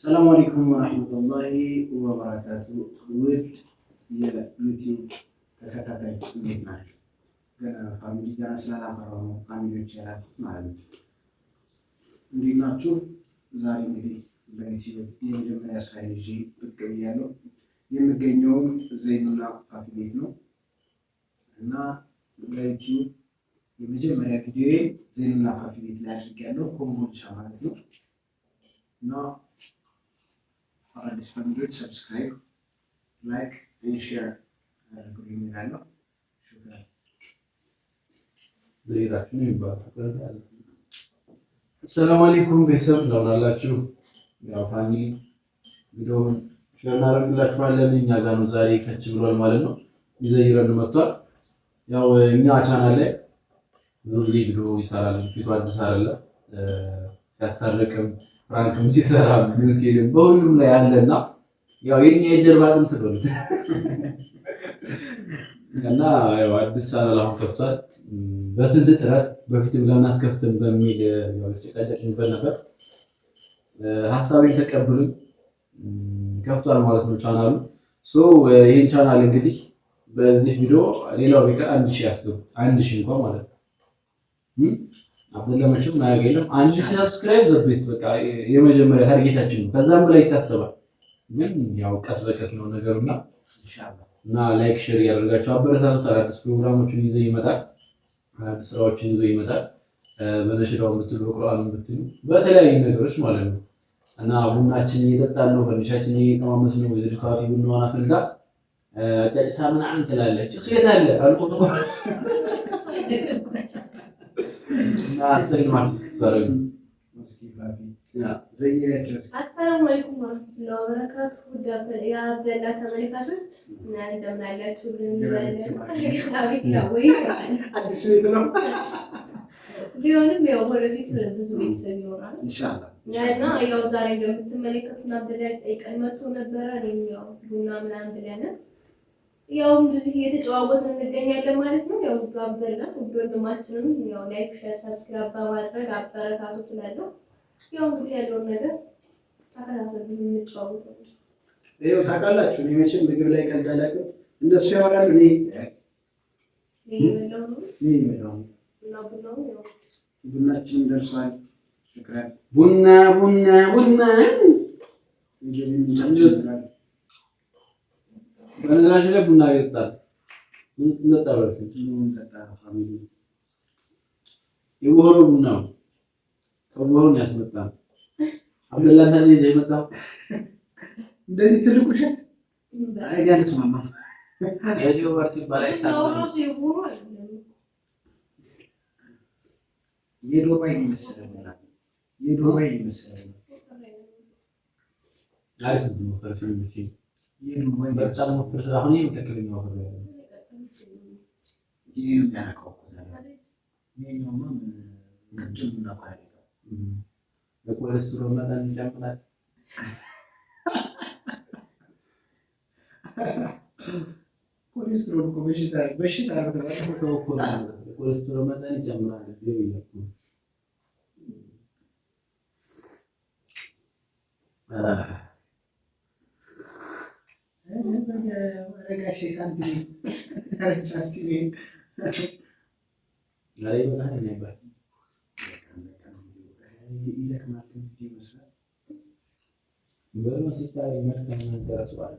ሰላም አለይኩም ወራህመቱላሂ ወበረካቱ። ውድ የዩቲዩብ ተከታታይ እንዴት ናቸው? ገና ፋሚሊ ገና ስላላፈራ ነው ፋሚሊዎች ያላችሁት ማለት ነው። እንዴት ናችሁ? ዛሬ እንግዲህ በዩቲዩብ የመጀመሪያ ስራ ይዤ ብቅ ብያለሁ። የምገኘውም ዘይኑና ፋፊ ቤት ነው እና በዩቲዩብ የመጀመሪያ ቪዲዮ ዘይኑና ፋፊ ቤት ላይ አድርጌያለሁ። ኮምቦልቻ ማለት ነው እና አዳዲስ ፋሚሊዎች ሰብስክራይብ፣ ላይክ ኤንድ ሼር አድርጉልኝ እላለሁ። ሹክራን ዘይራችን ይባላል። ሰላም አለይኩም ቤተሰብ እንደምን አላችሁ? ያው ፋሚሊ ቪዲዮውን እናደርግላችኋለን። እኛ ጋር ነው ዛሬ ከች ብሏል ማለት ነው። ይዘይረን መጥቷል። ያው እኛ ቻናል ላይ ብዙ ጊዜ ቪዲዮ ይሰራል። ፊቱ አዲስ አይደለም ሲያስታርቅም ፍራንክም ሲሰራ ምን ሲል በሁሉም ላይ አለና ያው የኛ የጀርባ አጥንት ነው እና ያው አዲስ ቻናል አሁን ከፍቷል። በስንት ጥረት በፊትም ለምን አትከፍትም በሚል ያው ሲጨቃጨቅንበት ነበር። ሀሳቤን ተቀብሉኝ ከፍቷል ማለት ነው ቻናሉ። ሶ ይህን ቻናል እንግዲህ በዚህ ቪዲዮ ሌላው ቢቀር አንድ ሺህ ያስገቡት አንድ ሺህ እንኳን ማለት ነው አብደላመሽም ማያገ የለም አንድ ሺህ ሰብስክራይብ ዘ በቃ የመጀመሪያ ታርጌታችን ነው። ከዛም በላይ ይታሰባል፣ ግን ያው ቀስ በቀስ ነው ነገሩና እና ላይክ ሼር ያደርጋችሁ አበረታቱት። አዳዲስ ፕሮግራሞችን ይዘ ይመጣል፣ አዳዲስ ስራዎችን ይዞ ይመጣል። በነሽዳው ምትሉ በቁርአን ምትሉ በተለያዩ ነገሮች ማለት ነው እና ቡናችን እየጠጣን ነው፣ ፈንዲሻችን እየቀማመስ ነው። ወደ ድፋፊ ቡናዋን አፍልታ ቀጭሳ ምናምን ትላለች። እሱ የት አለ አልቆ አሰላሙ አለይኩም ወረህመቱላሂ ወበረካቱ። የአብደላ ተመልካቾች እንደምን አላችሁ? ቢሆንም ያው ወደፊት ብዙ ቤተሰብ ይኖራል እና ያው ዛሬ እንደምትመለከቱን አብደላ ጠይቀን መጥቶ ነበረ ቡና ምናምን ብለናል ያው እንደዚህ እየተጨዋወትን እንገኛለን ማለት ነው። ያው ጋብዘና ወንድማችንም ያው ላይክ፣ ሼር፣ ሰብስክራይብ በማድረግ አበረታቱ ትላለህ። ያው እንግዲህ ያለውን ነገር ተከታተሉ፣ እንጨዋወት። ይኸው ታውቃላችሁ እኔ መቼም ምግብ ላይ ቀልድ አላውቅም። እንደሱ ያወራል እኔ ቡናችን ደርሷል። ቡና ቡና ቡና በነገራችን ላይ ቡና ይጠጣል። የቦሮ ቡና ከቦሮ ነው ያስመጣል። አብደላታ ይዘ ይመጣ እንደዚህ ትልቁ እሸት የዶሮ አይን ይመስላል ኮሌስትሮል እኮ በሽታ በሽታ ኮሌስትሮል መጠን ይጨምራል። ረጋሽ ሳንቲሜ ሳንቲሜ ዛሬ በጣም የሚባል ይደክማል። መስራት በመስታ መልካም ደረሰዋል